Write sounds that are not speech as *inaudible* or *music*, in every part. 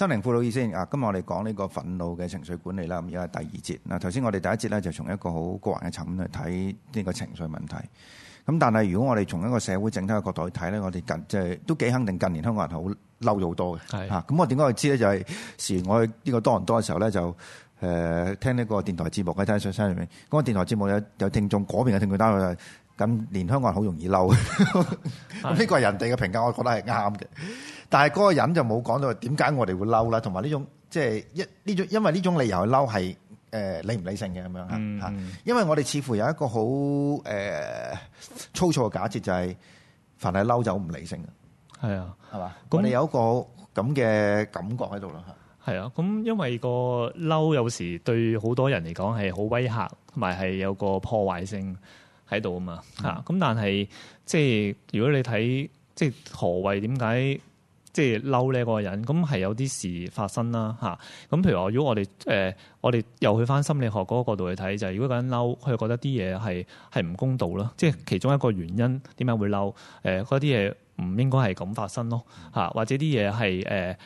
心靈輔導意思啊，今日我哋講呢個憤怒嘅情緒管理啦，咁而家係第二節。嗱，頭先我哋第一節咧就從一個好個人嘅層面去睇呢個情緒問題。咁但係如果我哋從一個社會整體嘅角度去睇咧，我哋近即係都幾肯定近年香港人好嬲咗好多嘅。嚇是，咁、啊、我點解會知咧？就係、是、時我呢個多人多多倫多嘅時候咧，就誒、呃、聽呢個電台節目，我睇上山上面嗰、那個電台節目有聽有聽眾嗰邊嘅聽眾單佢就。咁連香港人好容易嬲，呢個人哋嘅評價，我覺得係啱嘅。但係嗰個人就冇講到點解我哋會嬲啦，同埋呢種即係一呢種，因為呢種理由去嬲係誒理唔理性嘅咁樣嚇。因為我哋似乎有一個好誒粗糙嘅假設，就係凡係嬲就唔理性嘅。係啊，係嘛？咁你有一個咁嘅感覺喺度啦，係。係啊，咁因為個嬲有時對好多人嚟講係好威嚇，同埋係有個破壞性。喺度啊嘛，嚇、啊！咁但係即係如果你睇即係何為點解即係嬲呢個人，咁係有啲事發生啦，嚇、啊！咁、啊、譬如話，如果我哋誒、呃、我哋又去返心理學嗰個角度去睇，就係、是、如果嗰人嬲，佢覺得啲嘢係係唔公道咯，即、啊、係其中一個原因點解會嬲？誒、呃，嗰啲嘢唔應該係咁發生咯，嚇、啊！或者啲嘢係誒。呃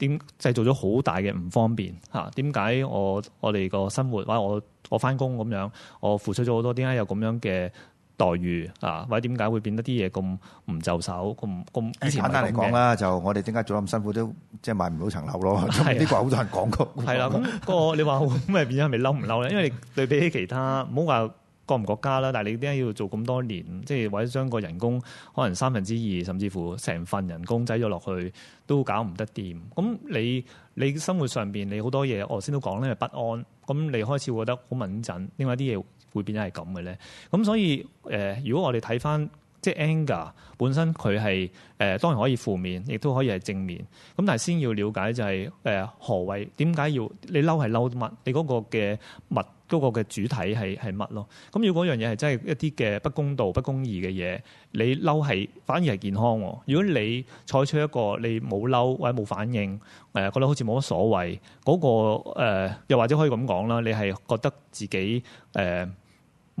點製造咗好大嘅唔方便嚇？啊、點解我我哋個生活或者我我翻工咁樣，我付出咗好多，點解有咁樣嘅待遇啊？或者點解會變得啲嘢咁唔就手咁咁？以前簡單嚟講啦，就我哋點解做得咁辛苦都即係買唔到層樓咯？呢個係好多人講過。係啦、啊，咁、啊那個你話咁咪變咗係咪嬲唔嬲咧？因為你對比起其他，唔好話。過唔過家啦？但係你點解要做咁多年？即係為咗將個人工可能三分之二，甚至乎成份人工擠咗落去，都搞唔得掂。咁你你生活上邊你好多嘢，我先都講咧不安。咁你開始會覺得好敏準。另外啲嘢會變咗係咁嘅咧。咁所以誒、呃，如果我哋睇翻即係 anger 本身它是，佢係誒當然可以負面，亦都可以係正面。咁但係先要了解就係、是、誒、呃、何為點解要你嬲係嬲乜？你嗰個嘅物。嗰個嘅主體係係乜咯？咁如果嗰樣嘢係真係一啲嘅不公道、不公義嘅嘢，你嬲係反而係健康喎。如果你採取一個你冇嬲或者冇反應，誒、呃、覺得好似冇乜所謂，嗰、那個、呃、又或者可以咁講啦，你係覺得自己誒。呃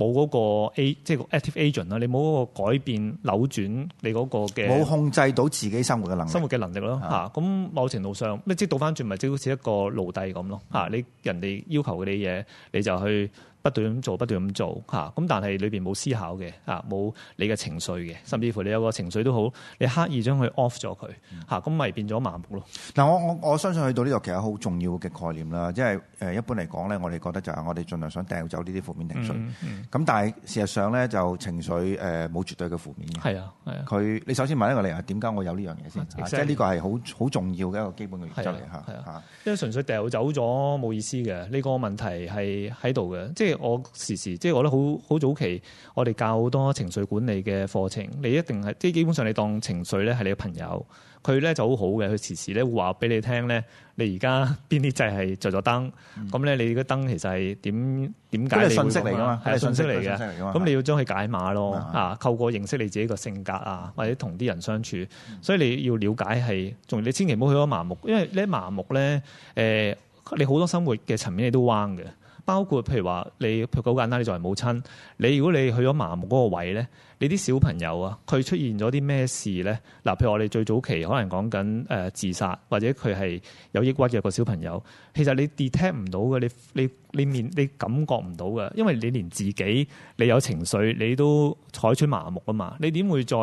冇嗰個 a 即係 active agent 啦，你冇嗰個改變、扭轉你嗰個嘅冇控制到自己生活嘅能力，生活嘅能力咯嚇。咁某程度上，咩即倒翻轉，咪即好似一個奴隸咁咯嚇。你人哋要求嗰啲嘢，你就去。不斷咁做，不斷咁做，嚇，咁但係裏邊冇思考嘅，嚇，冇你嘅情緒嘅，甚至乎你有個情緒都好，你刻意將佢 off 咗佢，嚇，咁咪變咗麻木咯。嗱，我我我相信去到呢度其實好重要嘅概念啦，即係誒一般嚟講咧，我哋覺得就係我哋盡量想掉走呢啲負面情緒，咁、嗯嗯、但係事實上咧就情緒誒冇絕對嘅負面嘅。係啊，佢、啊、你首先問一個理由係點解我有呢樣嘢先啊？即係呢個係好好重要嘅一個基本嘅原則嚟嚇。係啊，啊啊因為純粹掉走咗冇意思嘅，呢、呢個問題係喺度嘅，即係。我時時即係我咧好好早期，我哋教好多情緒管理嘅課程。你一定係即係基本上，你當情緒咧係你嘅朋友，佢咧就好好嘅。佢時時咧會話俾你聽咧，你而家邊啲掣係着咗燈，咁咧、嗯、你嘅燈其實係點點解？係信息嚟噶嘛？係信息嚟嘅。咁你要將佢解碼咯啊！透過認識你自己個性格啊，或者同啲人相處，嗯、所以你要了解係。仲，你千祈唔好去咗麻木，因為呢麻木咧誒、呃，你好多生活嘅層面你都彎嘅。包括譬如話，你譬如好簡單，你作為母親，你如果你去咗麻木嗰個位咧。你啲小朋友啊，佢出現咗啲咩事咧？嗱，譬如我哋最早期可能講緊、呃、自殺，或者佢係有抑鬱嘅個小朋友。其實你 detect 唔到嘅，你你你面你感覺唔到嘅，因為你連自己你有情緒你都採取麻木啊嘛。你點會再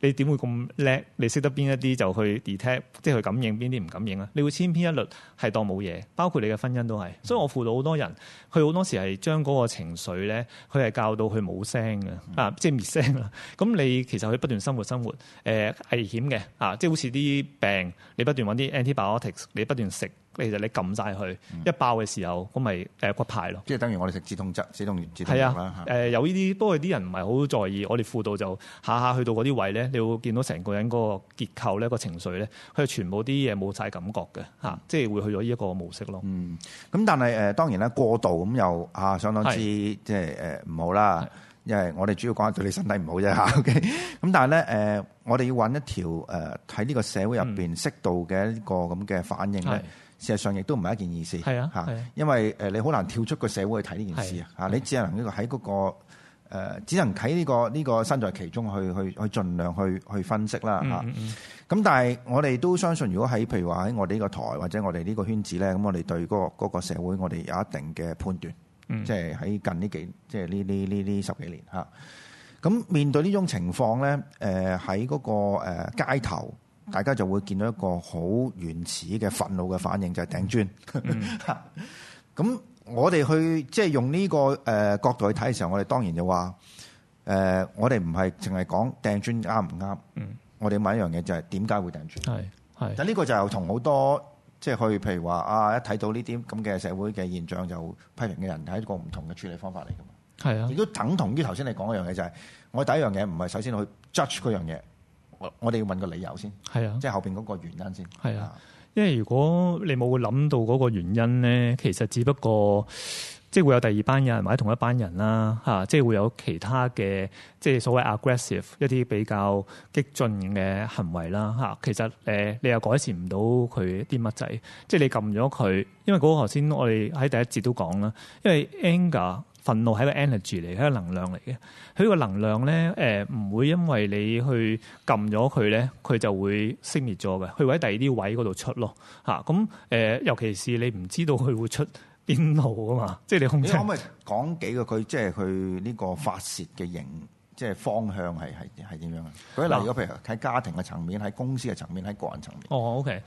你點會咁叻？你識得邊一啲就去 detect，即係佢感應邊啲唔感應啊？你會千篇一律係當冇嘢，包括你嘅婚姻都係。所以我輔導好多人，佢好多時係將嗰個情緒咧，佢係教到佢冇聲嘅，嗯、啊，即係 mute 聲。咁你其實去不斷生活生活，誒、呃、危險嘅嚇、啊，即係好似啲病，你不斷揾啲 antibiotics，你不斷食，其實你撳晒佢一爆嘅時候，咁咪誒骨牌咯。即係、嗯就是、等於我哋食止痛劑、止痛藥、止痛藥啦嚇。呃的呃、有呢啲，不過啲人唔係好在意。我哋輔導就下下去到嗰啲位咧，你會見到成個人嗰個結構咧，個情緒咧，佢係全部啲嘢冇晒感覺嘅嚇、嗯啊，即係會去咗呢一個模式咯。嗯，咁但係誒、呃、當然啦，過度咁又嚇、啊啊、相當之即係誒唔好啦。因為我哋主要講下對你身體唔好啫嚇，OK。咁 *laughs* 但係咧，誒，我哋要揾一條誒喺呢個社會入邊適度嘅一個咁嘅反應咧，是的 事實上亦都唔係一件易事嚇。是的是的，因為誒你好難跳出個社會去睇呢件事啊嚇，是的是的，你只能呢、呢個喺嗰個只能喺呢個呢個身在其中去去去盡量去去分析啦嚇。咁、嗯嗯嗯、但係我哋都相信，如果喺譬如話喺我哋呢個台或者我哋呢個圈子咧，咁我哋對嗰個嗰個社會，我哋有一定嘅判斷。即係喺近呢幾，即係呢啲呢啲十幾年嚇。咁面對呢種情況咧，誒喺嗰個街頭，大家就會見到一個好原始嘅憤怒嘅反應，就係、是、掟磚。咁 *laughs* 我哋去即係、就是、用呢個誒角度去睇嘅時候，我哋當然就話誒，我哋唔係淨係講掟磚啱唔啱。嗯，我哋問一樣嘢就係點解會掟磚？係係。但呢個就係同好多。即係可以譬如話啊，一睇到呢啲咁嘅社會嘅現象，就批評嘅人係一個唔同嘅處理方法嚟㗎嘛。係啊，亦都等同於頭先你講一樣嘢就係，我第一樣嘢唔係首先去 judge 嗰樣嘢，我我哋要問個理由先。係啊，即係後邊嗰個原因先。係啊，因為如果你冇諗到嗰個原因咧，其實只不過。即係會有第二班人，或者同一班人啦，即係會有其他嘅，即係所謂 aggressive 一啲比較激進嘅行為啦，其實呃，你又改善唔到佢啲乜仔，即係你撳咗佢，因為嗰個頭先我哋喺第一節都講啦，因為 anger 憤怒係一個 energy 嚟，係一個能量嚟嘅。佢個能量咧，呃、唔會因為你去撳咗佢咧，佢就會熄滅咗嘅，佢會喺第二啲位嗰度出咯，咁、呃、尤其是你唔知道佢會出路啊嘛，即係 No, 你控制。我可唔可以講幾個佢，即係佢呢個發洩嘅形，即係方向係係係點樣啊？舉例如，譬如喺家庭嘅層面，喺公司嘅層面，喺個人層面。哦，OK，誒、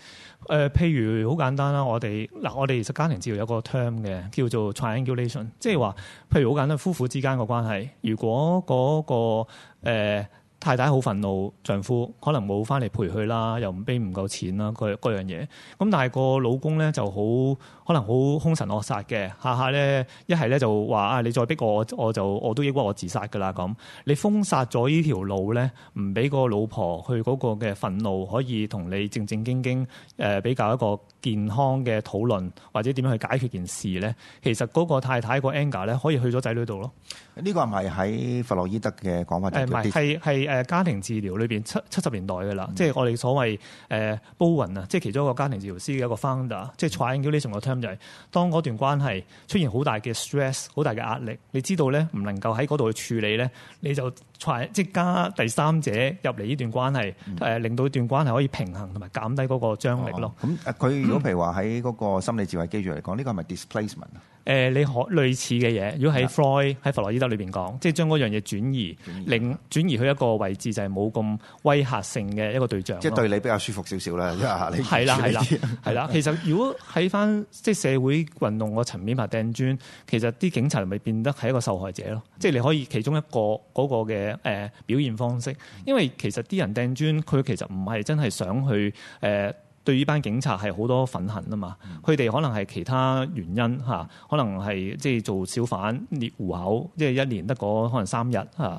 呃，譬如好簡單啦，我哋嗱、呃，我哋其實家庭治療有個 term 嘅，叫做 triangulation，即係話，譬如好簡單，夫婦之間嘅關係，如果嗰、那個、呃太太好憤怒，丈夫可能冇翻嚟陪佢啦，又唔俾唔夠錢啦，各樣嘢。咁但係個老公咧就好，可能好凶神惡煞嘅，下下咧一係咧就話啊，你再逼我，我就我都抑鬱，我自殺㗎啦咁。你封殺咗呢條路咧，唔俾個老婆去嗰個嘅憤怒可以同你正正經經誒、呃、比較一個健康嘅討論，或者點樣去解決件事咧？其實嗰個太太個 anger 咧，可以去咗仔女度咯。呢個係咪喺弗洛伊德嘅講法，誒唔係係係家庭治療裏邊七七十年代嘅啦，嗯、即係我哋所謂誒 Bowen 啊，即係其中一個家庭治療師嘅一個 founder、嗯、即係 triangulation 嘅 term 就係當嗰段關係出現好大嘅 stress、好大嘅壓力，你知道咧唔能夠喺嗰度去處理咧，你就 try 即係加第三者入嚟呢段關係，誒、嗯、令到段關係可以平衡同埋減低嗰個張力咯。咁佢、嗯嗯、如果譬如話喺嗰個心理智慧機制嚟講，呢個係咪 displacement 啊？誒，你可類似嘅嘢，如果喺弗洛喺弗洛伊德裏邊講，即係將嗰樣嘢轉移，令轉移去令一個位置，就係冇咁威嚇性嘅一個對象。即係對你比較舒服少少啦，因為你係啦係啦係啦。其實如果喺翻即係社會運動個層面埋掟磚，其實啲警察咪變得係一個受害者咯。嗯、即係你可以其中一個嗰、嗰個嘅誒表現方式，因為其實啲人掟磚，佢其實唔係真係想去誒。呃對於班警察係好多憤恨啊嘛，佢哋可能係其他原因，可能係即係做小販獵戶口，即係一年得嗰可能三日，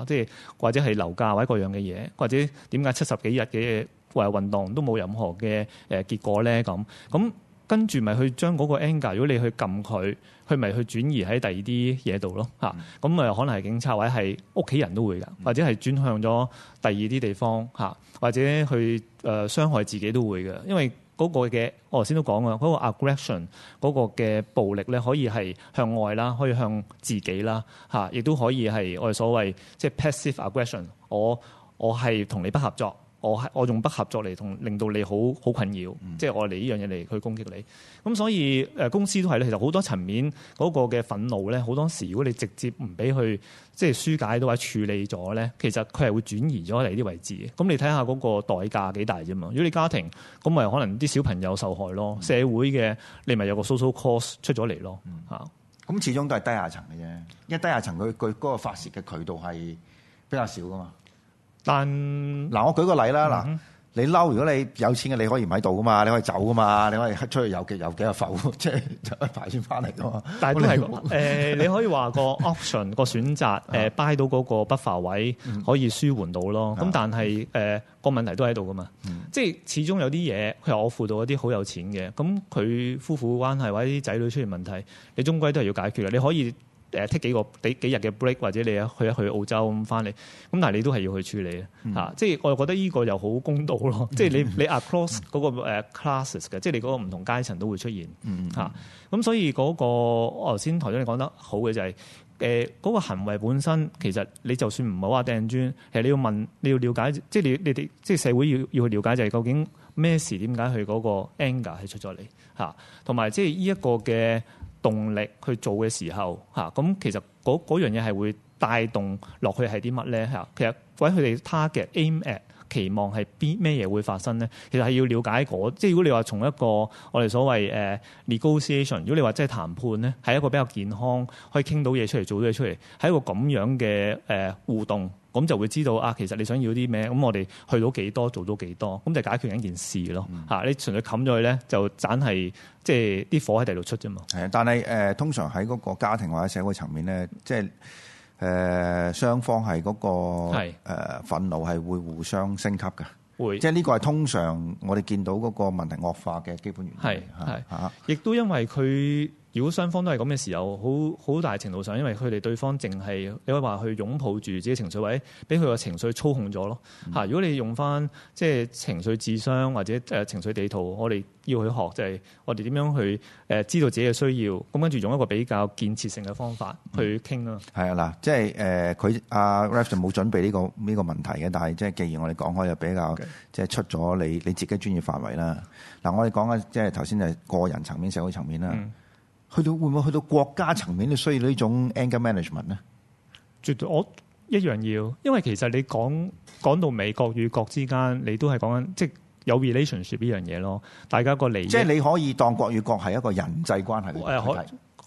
即係或者係樓價或者各樣嘅嘢，或者點解七十幾日嘅誒運動都冇任何嘅誒結果咧咁咁。跟住咪去將嗰個 anger，如果你去撳佢，佢咪去轉移喺第二啲嘢度咯吓。咁啊、嗯、可能係警察位，係屋企人都會㗎，或者係轉向咗第二啲地方吓，或者去誒傷、呃、害自己都會嘅。因為嗰嘅我頭先都講過，嗰個 aggression 嗰個嘅暴力咧，可以係向外啦，可以向自己啦，吓，亦都可以係我哋所謂即、係、passive aggression，我我係同你不合作。我係我用不合作嚟同令到你好好困擾，即係、嗯、我嚟呢樣嘢嚟去攻擊你。咁所以誒公司都係咧，其實好多層面嗰個嘅憤怒咧，好多時如果你直接唔俾佢，即係疏解到或者處理咗咧，其實佢係會轉移咗嚟啲位置。咁你睇下嗰個代價幾大啫嘛。如果你家庭，咁咪可能啲小朋友受害咯，嗯、社會嘅你咪有個 social cause 出咗嚟咯嚇。咁、嗯、始終都係低下層嘅啫，因為低下層佢佢嗰個發泄嘅渠道係比較少噶嘛。但嗱，我舉個例啦。嗱、嗯，你嬲，如果你有錢嘅，你可以唔喺度噶嘛，你可以走噶嘛，你可以出去有嘅，遊幾個埠，即係就一排先翻嚟噶嘛。但係都係、 *laughs* 呃、你可以話個 option 個選擇誒，buy *laughs* 到嗰個 buffer、er、位可以舒緩到咯。咁、嗯、但係誒個問題都喺度噶嘛。即係、嗯、始終有啲嘢，譬如我輔導一啲好有錢嘅，咁佢夫婦關係或者啲仔女出現問題，你終歸都係要解決嘅。你可以。誒 take 幾個幾幾日嘅 break，或者你啊去一去澳洲咁翻嚟，咁但係你都係要去處理、嗯、啊，嚇！即係我又覺得呢個又好公道咯，即係、嗯、你你 across 嗰個 classes 嘅，即係、嗯、你嗰個唔同階層都會出現嚇。咁、嗯啊、所以嗰、嗰個我頭先台長你講得好嘅就係誒嗰個行為本身其實你就算唔係話掟磚，其實你要問你要了解，即、就、係、係、你你哋即係社會要要去了解就係究竟咩事點解佢嗰個 anger 係出咗嚟嚇，同埋即係呢一個嘅。動力去做嘅時候，嚇咁其實嗰樣嘢係會帶動落去係啲乜咧嚇？其實或者佢哋他嘅 aim at 期望係邊咩嘢會發生咧？其實係要了解嗰、那個、即係如果你話從一個我哋所謂誒 negotiation，uh, 如果你話即係談判咧，係一個比較健康可以傾到嘢出嚟、做到嘢出嚟，係一個咁樣嘅誒、uh, 互動。咁就會知道啊，其實你想要啲咩？咁我哋去到幾多，做到幾多，咁就解決緊一件事咯。嚇、你純粹冚咗佢咧，就盞係即係啲火喺第度出啫嘛。係啊，但、呃、係通常喺嗰個家庭或者社會層面咧，即係誒雙方係嗰、嗰個誒是、呃、憤怒係會互相升級嘅，會、即係呢個係通常我哋見到嗰個問題惡化嘅基本原因。係、係、亦、啊、都因為佢。如果雙方都係咁嘅時候，好好大程度上，因為佢哋對方淨係你話去擁抱住自己嘅情緒，位，或者俾佢個情緒操控咗咯嚇。嗯、如果你用翻即係情緒智商或者、呃、情緒地圖，我哋要去學就係、是、我哋點樣去誒、呃、知道自己嘅需要，咁跟住用一個比較建設性嘅方法去傾啦。係、嗯、啊，嗱，即係誒佢阿 Ralph 就冇準備呢、這個呢、這個問題嘅，但係即係既然我哋講開又比較、嗯、即係出咗你你自己的專業範圍啦。嗱，我哋講緊，即係頭先係個人層面、社會層面啦。嗯去到會唔會去到國家層面都需要這種理理呢種 anger management 咧？絕對我一樣要，因為其實你講講到美國與國之間，你都係講緊即係有 relationship 呢樣嘢咯。大家個利，即係你可以當國與國係一個人際關係嚟睇。誒，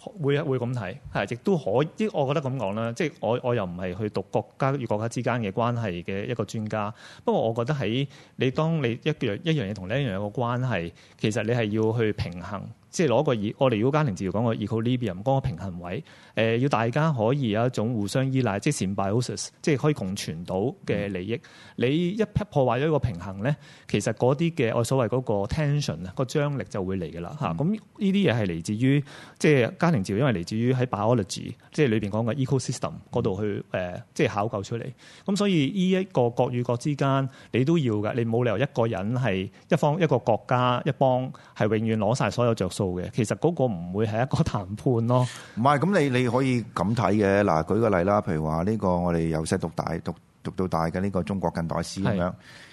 可會會咁睇，係亦是都可以。即我覺得咁講啦，即係我我又唔係去讀國家與國家之間嘅關係嘅一個專家。不過我覺得喺你當你一樣一樣嘢同另一樣有個關係，其實你係要去平衡。即係攞個二，我哋如果家庭治療講個 equilibrium，個平衡位。誒、呃、要大家可以有一種互相依賴即係 symbiosis 即係可以共存到嘅利益。你一劈破壞咗個平衡咧，其實啲嘅我所謂個 tension 啊，個張力就會嚟㗎啦嚇。咁呢啲嘢係嚟自於即係家庭治療因為嚟自於喺 biology，即係裏邊講嘅 ecosystem 度去誒、呃、即係考究出嚟。咁所以依一個國與國之間你都要㗎，你冇理由一個人係一方一個國家一幫係永遠攞晒所有著數。做嘅，其實嗰個唔會係一個談判咯。唔係咁，你你可以咁睇嘅。嗱，舉個例啦，譬如話呢個我哋由細讀大，讀讀到大嘅呢個中國近代史咁樣。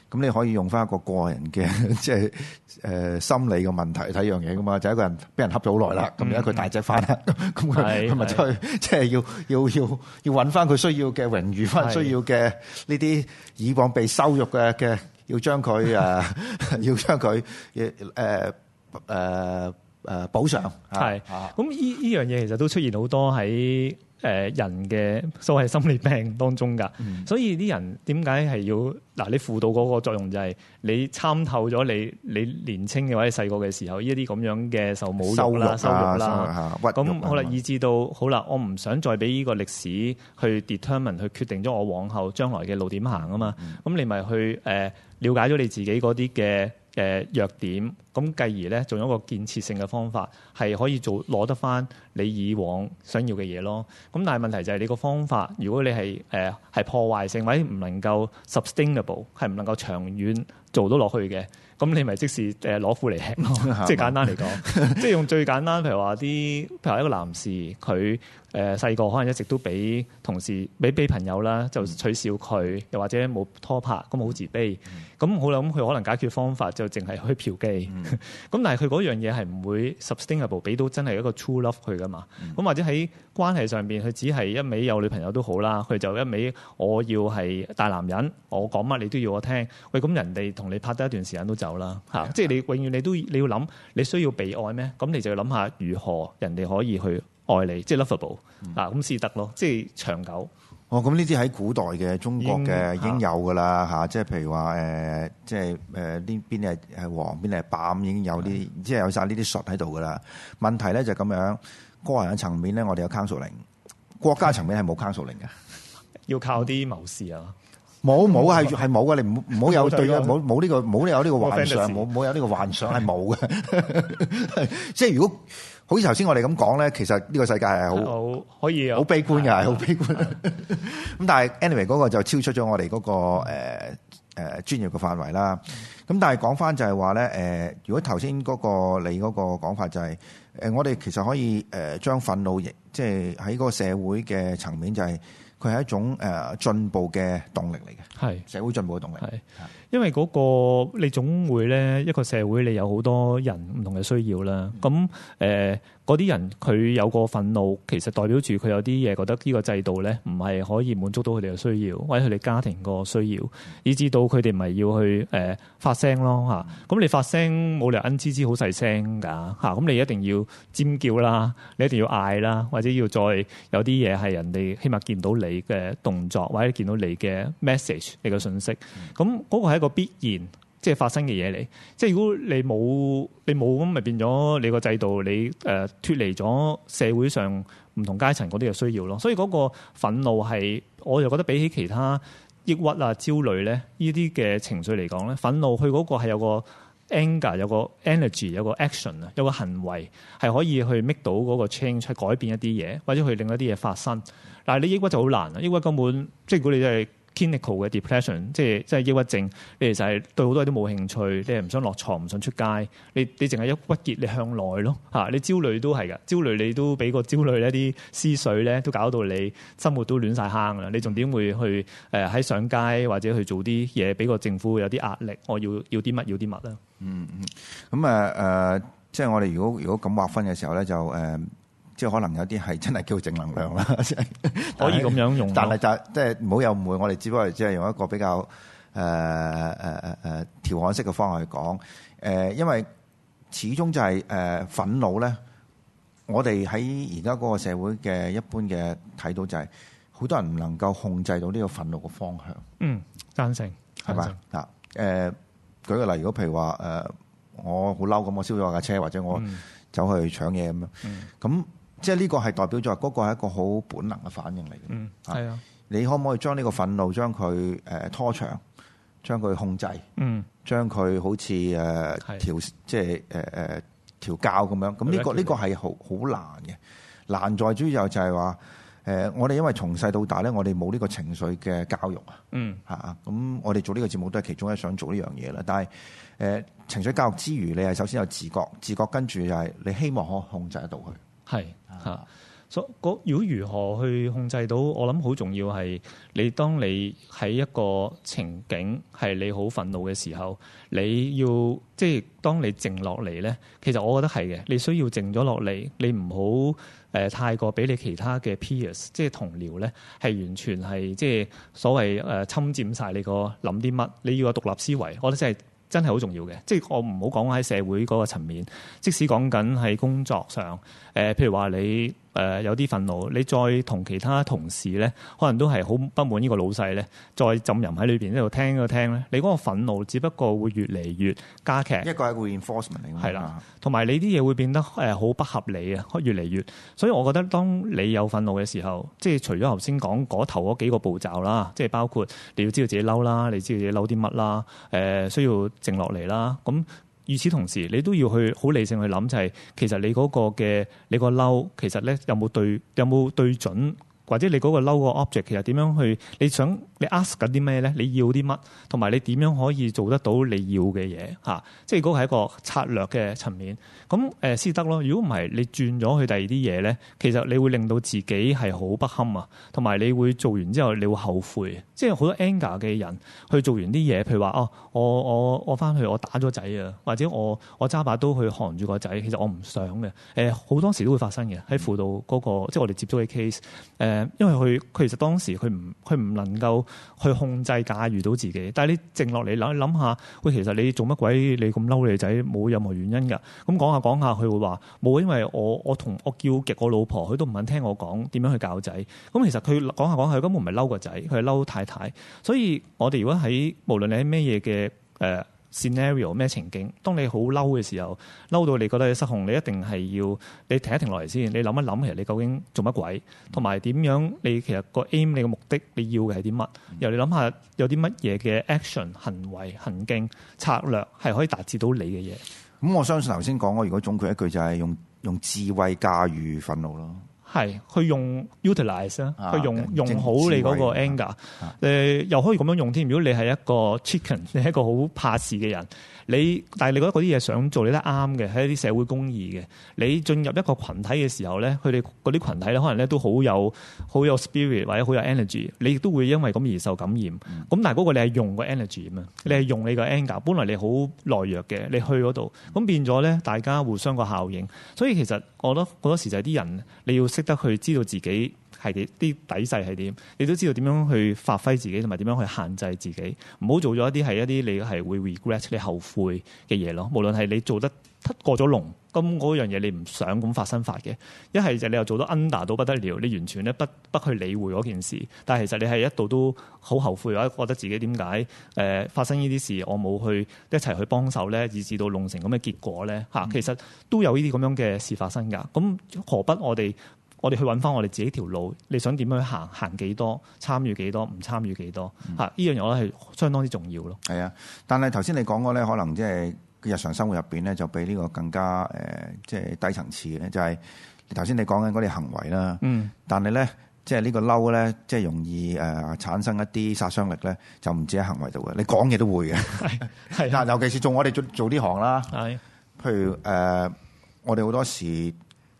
咁你可以用翻一個個人嘅，即係誒心理嘅問題睇樣嘢噶嘛。就係一個人俾人恰咗好耐啦，咁而家佢大隻翻啦，咁佢佢咪即係即係要要要要搵翻佢需要嘅榮譽，翻需要嘅呢啲以往被羞辱嘅嘅，要將佢誒，要將佢誒誒。誒、呃、補償係，咁呢依樣嘢其實都出現好多喺誒、呃、人嘅所謂心理病當中㗎，嗯、所以啲人點解係要嗱、啊？你輔導嗰個作用就係你參透咗你你年輕嘅或者細個嘅時候呢一啲咁樣嘅受侮辱啦、收辱啦，咁好啦，以至到好啦，我唔想再俾呢個歷史去 determine 去決定咗我往後將來嘅路點行啊嘛，咁、嗯、你咪去誒了解咗你自己嗰啲嘅。誒弱點，咁繼而咧，仲有一個建設性嘅方法，係可以做攞得翻你以往想要嘅嘢咯。咁但係問題就係你個方法，如果你係誒係破壞性或者唔能夠 sustainable 係唔能夠長遠做到落去嘅，咁你咪 *laughs* 即時攞苦嚟吃咯。即係簡單嚟講， *laughs* 即係用最簡單，譬如話啲，譬如話一個男士佢。誒細個可能一直都俾同事俾俾朋友啦，就取笑佢，嗯、又或者冇拖拍，咁好自卑。咁、嗯、我諗，佢可能解決方法就淨係去嫖妓。咁、嗯、 *laughs* 但係佢嗰樣嘢係唔會 sustainable 俾到真係一個 true love 佢噶嘛？咁、嗯、或者喺關係上面，佢只係一味有女朋友都好啦。佢就一味「我要係大男人，我講乜你都要我聽。喂，咁人哋同你拍得一段時間都走啦、嗯、即係你永遠你都你要諗，你需要被愛咩？咁你就諗下如何人哋可以去。愛你即係 lovable，嗱咁先得咯，即係長久。哦，咁呢啲喺古代嘅中國嘅已經有噶啦吓，即係譬如話誒，即係誒，呢邊係係黃，邊係白已經有啲即係有晒呢啲術喺度噶啦。問題咧就咁樣，個人嘅層面咧，我哋有 counseling 國家層面係冇 counseling 嘅，要靠啲謀士啊。冇冇係係冇嘅，你唔好有對冇冇呢個冇有呢個幻想，冇冇有呢個幻想係冇嘅。即係如果。好似頭先我哋咁講咧，其實呢個世界係好可以，好悲觀嘅，係好悲觀。咁但係 anyway 嗰個就超出咗我哋嗰個誒誒專業嘅範圍啦。咁但係講返就係話咧，誒如果頭先嗰個你嗰個講法就係誒，我哋其實可以誒將憤怒亦即係喺嗰個社會嘅層面，就係佢係一種誒進步嘅動力嚟嘅，係社會進步嘅動力。係。因為嗰個你總會咧一個社會，你有好多人唔同嘅需要啦。咁誒嗰啲人佢有個憤怒，其實代表住佢有啲嘢覺得呢個制度咧唔係可以滿足到佢哋嘅需要，或者佢哋家庭個需要，以至到佢哋唔係要去誒發聲咯嚇。咁你發聲冇理由恩滋滋好細聲㗎嚇，咁你一定要尖叫啦，你一定要嗌啦，或者要再有啲嘢係人哋起碼見到你嘅動作，或者見到你嘅 message，你嘅信息。咁嗰個係一個。個必然即係發生嘅嘢嚟，即係如果你冇你冇咁，咪變咗你個制度，你誒脫離咗社會上唔同階層嗰啲嘅需要咯。所以嗰個憤怒係，我就覺得比起其他抑鬱啊、焦慮咧，呢啲嘅情緒嚟講咧，憤怒佢嗰個係有個 anger，有個 energy，有個 action 啊，有個行為係可以去 make 到嗰個 change，去改變一啲嘢，或者去令一啲嘢發生。但係你抑鬱就好難啊，抑鬱根本即係如果你真係。Clinical 嘅 depression，即係即係抑鬱症，你其實係對好多嘢都冇興趣，你係唔想落床，唔想出街，你你淨係一鬱結，你向內咯，吓，你焦慮都係噶，焦慮你都俾個焦慮呢啲思緒咧都搞到你生活都亂晒坑噶啦，你仲點會去誒喺上街或者去做啲嘢，俾個政府有啲壓力，我要要啲乜要啲乜咧？嗯嗯，咁啊誒，即係我哋如果如果咁劃分嘅時候咧，就誒。呃即係可能有啲係真係叫正能量啦，可以咁樣用，但係，但係就即係唔好有誤會，我哋只不過即係用一個比較誒誒誒誒調侃式嘅方向去講。誒、呃，因為始終就係、是、誒、呃、憤怒咧，我哋喺而家嗰個社會嘅一般嘅睇到就係、是、好多人唔能夠控制到呢個憤怒嘅方向。嗯，贊成。係嘛？嗱，誒、呃、舉個例如，如果譬如話誒、呃、我好嬲咁，我燒咗架車，或者我走去搶嘢咁樣，咁、嗯。即係呢個係代表咗嗰個係一個好本能嘅反應嚟嘅，係啊。你可唔可以將呢個憤怒將佢誒拖長，將佢控制，嗯、將佢好似誒、呃、調即係誒誒調教咁樣？咁呢個呢個係好好難嘅，難在主要就係話誒，我哋因為從細到大咧，我哋冇呢個情緒嘅教育、嗯、啊，嚇咁我哋做呢個節目都係其中一想做呢樣嘢啦。但係誒、呃、情緒教育之餘，你係首先有自覺，自覺跟住就係你希望可以控制得到佢。係要所如果如何去控制到，我諗好重要係你當你喺一個情景係你好憤怒嘅時候，你要即係當你靜落嚟咧，其實我覺得係嘅，你需要靜咗落嚟，你唔好太過俾你其他嘅 peers，即係同僚咧，係、就是、完全係即係所謂誒侵佔晒你個諗啲乜，你要有獨立思維，我覺得真係。真係好重要嘅，即係我唔好講喺社會嗰個層面，即使講緊喺工作上，誒，譬如話你。誒有啲憤怒，你再同其他同事咧，可能都係好不滿呢個老細咧，再浸淫喺裏面，呢度聽個聽咧，你嗰個憤怒只不過會越嚟越加劇。一個係會 reinforcement 嚟㗎。係啦，同埋你啲嘢會變得誒好不合理啊，越嚟越。所以我覺得，當你有憤怒嘅時候，即係除咗頭先講嗰頭嗰幾個步驟啦，即係包括你要知道自己嬲啦，你知道自己嬲啲乜啦，誒需要靜落嚟啦，咁。與此同時，你都要去好理性去諗，就係、是、其實你嗰個嘅你個嬲，其實咧有冇對有冇對準？或者你嗰個嬲個 object 其實點樣去你想你 ask 緊啲咩咧？你要啲乜？同埋你點樣可以做得到你要嘅嘢？吓、啊，即係嗰個係一個策略嘅層面。咁誒先得咯。如果唔係你轉咗去第二啲嘢咧，其實你會令到自己係好不堪啊，同埋你會做完之後你會後悔。即係好多 anger 嘅人去做完啲嘢，譬如話哦，我我我翻去我打咗仔啊，或者我我揸把刀去韓住個仔，其實我唔想嘅。誒、呃、好多時都會發生嘅喺輔導嗰、那個即係、就是、我哋接觸嘅 case 誒。呃因為佢佢其實當時佢唔佢唔能夠去控制駕馭到自己，但係你靜落嚟，諗諗下，喂，其實你做乜鬼？你咁嬲你仔，冇任何原因噶。咁講下講下，佢會話冇，因為我我同我叫極我老婆，佢都唔肯聽我講點樣去教仔。咁其實佢講下講下，佢根本唔係嬲個仔，佢係嬲太太。所以我哋如果喺無論你喺咩嘢嘅誒。呃 scenario 咩情景？當你好嬲嘅時候，嬲到你覺得你失控，你一定係要你停一停落嚟先。你諗一諗，其實你究竟做乜鬼？同埋點樣？你其實個 aim，你嘅目的，你要嘅係啲乜？然後你諗下有啲乜嘢嘅 action 行為行徑策略係可以達至到你嘅嘢。咁、嗯、我相信頭先講，我如果總括一句就係用用智慧駕馭憤怒咯。係，去用 utilize 啦，去用用好你個 anger，誒、啊啊呃、又可以咁樣用添。如果你係一個 chicken，你係一個好怕事嘅人，你但係你覺得啲嘢想做你都啱嘅，係一啲社會公義嘅。你進入一個群體嘅時候咧，佢哋啲群體咧，可能咧都好有好有 spirit 或者好有 energy，你亦都會因為咁而受感染。咁但係個你係用個 energy 啊，你係用你個 anger。本來你好懦弱嘅，你去度，咁變咗咧，大家互相個效應，所以其實我覺得好多時就係啲人你要識。得佢知道自己係啲啲底細係點，你都知道點樣去發揮自己同埋點樣去限制自己，唔好做咗一啲係一啲你係會 regret 你後悔嘅嘢咯。無論係你做得過咗龍，咁嗰樣嘢你唔想咁發生法嘅；一係就你又做得 under 到不得了，你完全咧不不去理會嗰件事。但係其實你係一度都好後悔或者覺得自己點解誒發生呢啲事，我冇去一齊去幫手咧，以至到弄成咁嘅結果咧吓、啊，其實都有呢啲咁樣嘅事發生㗎。咁何必我哋？我哋去揾翻我哋自己條路，你想點樣行？行幾多？參與幾多？唔參與幾多？吓、嗯，呢樣嘢我咧係相當之重要咯、嗯。係啊，但係頭先你講過咧，可能即係日常生活入邊咧，就比呢個更加誒，即係低層次嘅，就係頭先你講緊嗰啲行為啦。嗯，但係咧，即係呢個嬲咧，即、就、係、是、容易誒、呃、產生一啲殺傷力咧，就唔止喺行為度嘅，你講嘢都會嘅。係係啦，尤其是做我哋做做呢行啦，係的，譬如誒、呃，我哋好多時。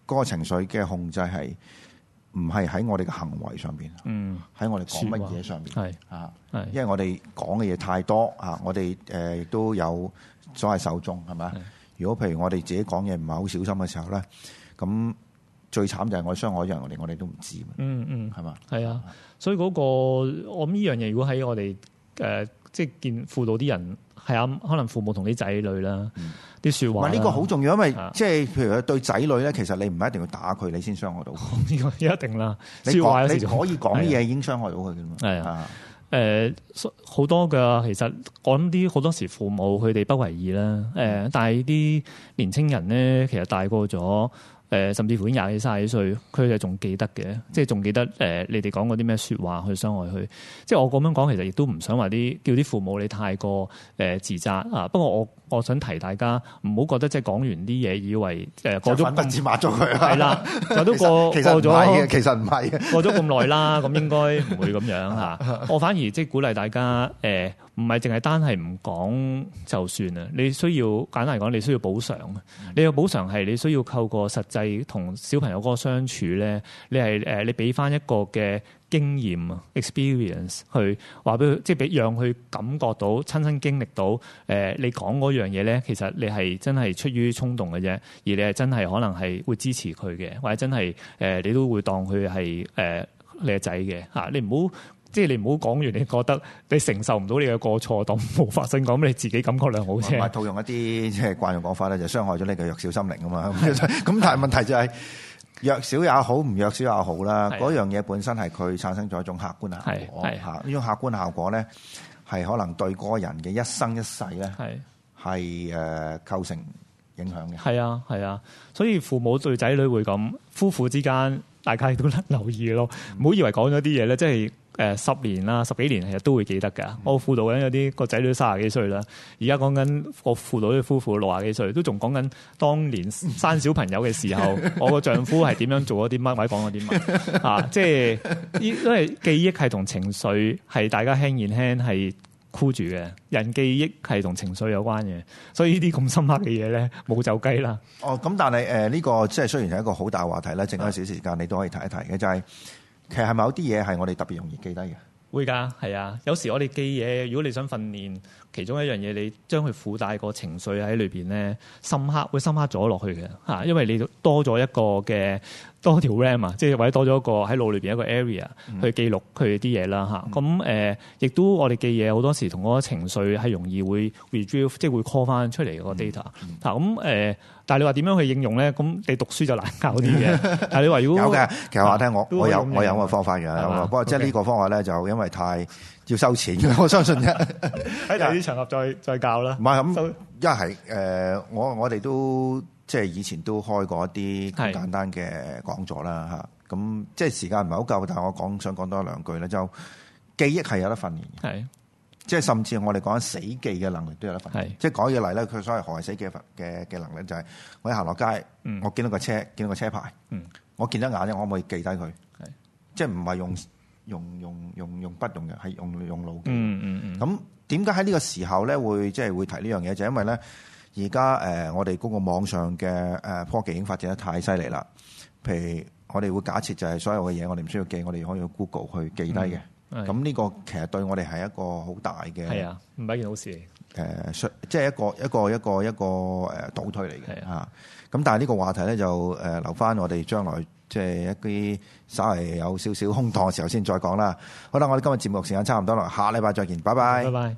嗰個情緒嘅控制係唔係喺我哋嘅行為上邊？嗯，喺我哋講乜嘢上邊？係啊，因為我哋講嘅嘢太多啊！我哋誒都有所謂手中，係咪？是如果譬如我哋自己講嘢唔係好小心嘅時候咧，咁最慘就係我哋傷害人，我哋我哋都唔知道嗯。嗯嗯，係嘛吧？係啊，所以嗰、那個我諗呢樣嘢，如果喺我哋誒即係見輔導啲人係啊，可能父母同啲仔女啦。嗯。唔係，呢個好重要，因為即係譬如對仔女咧，其實你唔一定要打佢，你先傷害到。 *laughs* 一定啦了，你說說話的你可以講啲嘢已經傷害到佢嘅。係啊，誒好多嘅其實我諗啲好多時父母佢哋不為意啦。誒，但係啲年青人咧，其實大個咗，誒甚至乎已經廿幾、卅幾歲，佢哋仲記得嘅，即係仲記得誒你哋講過啲咩説話去傷害佢。即係我咁樣講，其實亦都唔想話啲叫啲父母你太過誒自責啊。不過我。我想提大家，唔好覺得即係講完啲嘢，以為誒過咗分子抹咗佢啦。係啦了實，過咗過咗，其實唔係過咗咁耐啦，咁 *laughs* 應該唔會咁樣 *laughs* 我反而即係鼓勵大家誒，唔係淨係單係唔講就算啦。你需要簡單嚟講，你需要補償。你要補償係你需要透過實際同小朋友嗰個相處咧，你係你俾翻一個嘅。經驗啊，experience 去話俾佢，即係俾讓佢感覺到親身經歷到誒，你講嗰樣嘢咧，其實你係真係出於衝動嘅啫，而你係真係可能係會支持佢嘅，或者真係誒你都會當佢係誒你嘅仔嘅嚇，你唔好即係你唔好講完，你覺得你承受唔到你嘅過錯，當冇發生過，咁你自己感覺良好啫。唔係套用一啲即係慣用講法咧，就係、傷害咗你嘅弱小心靈啊嘛。咁的但係問題就係、是。 *laughs* 弱小也好，唔弱小也好啦。嗰是的 樣嘢本身係佢產生咗一種客觀效果，嚇呢種客觀效果咧，係可能對個人嘅一生一世咧，係是的、呃，係誒構成影響嘅。係啊，係啊，所以父母對仔女會咁，夫婦之間大家亦都留意咯。唔好以為講咗啲嘢咧，即係。誒十年啦，十幾年其實都會記得㗎。我輔，一些在在我輔導緊有啲個仔女三廿幾歲啦，而家講緊我輔導啲夫婦六廿幾歲，都仲講緊當年生小朋友嘅時候， *laughs* 我個丈夫係點樣做一啲乜，或者講一啲乜啊！即係因為記憶係同情緒係大家 hand in hand 係箍住嘅，人記憶係同情緒有關嘅，所以呢啲咁深刻嘅嘢咧，冇走雞啦。嗯、了哦，咁但係誒呢個即係雖然係一個好大話題啦，剩翻少時間你都可以提一提嘅，就係、是。其實係咪有啲嘢係我哋特別容易記低嘅，會㗎，係啊，有時我哋記嘢，如果你想訓練其中一樣嘢，你將佢附帶個情緒喺裏邊咧，深刻會深刻咗落去嘅嚇，因為你多咗一個嘅。多條 RAM 啊，即係或者多咗一個喺腦裏面一個 area 去記錄佢啲嘢啦，咁亦都我哋記嘢好多時同嗰個情緒係容易會 retrieve 即係會 call 翻出嚟個 data。咁誒、嗯嗯，嗯、但係你話點樣去應用咧？咁你讀書就難教啲嘅。但係你話如果有嘅，其實話聽我、啊、我，我有都我有個方法嘅，不過即係呢個方法咧就因為太要收錢，我相信喺第二場合再再教啦。唔係咁，一、嗯、係我我哋都。即係以前都開過一啲簡單嘅講座啦嚇，咁是即係時間唔係好夠，但係我講想講多一兩句咧，就記憶係有得訓練嘅，是即係甚至我哋講緊死記嘅能力都有得訓練。是即係講嘢嚟咧，佢所謂害死記嘅嘅嘅能力就係、是、我一行落街，我見到個車，嗯、見到個車牌，我見得眼咧，我可以記低佢，是即係唔係用用用用用筆用嘅，係用用腦嘅。咁點解喺呢個時候咧會即係會提呢樣嘢？就因為咧。而家誒，我哋嗰個網上嘅誒科技已經發展得太犀利啦。譬如我哋會假設就係所有嘅嘢，我哋唔需要記，我哋可以用 Google 去記低嘅。咁呢、嗯、個其實對我哋係一個好大嘅係啊，唔係一件好事。誒，即係一個一個一個一個，一個倒退嚟嘅嚇。咁係但係呢個話題咧就誒留翻我哋將來即係一啲稍為有少少空檔嘅時候先再講啦。好啦，我哋今日節目時間差唔多啦，下禮拜再見，拜拜。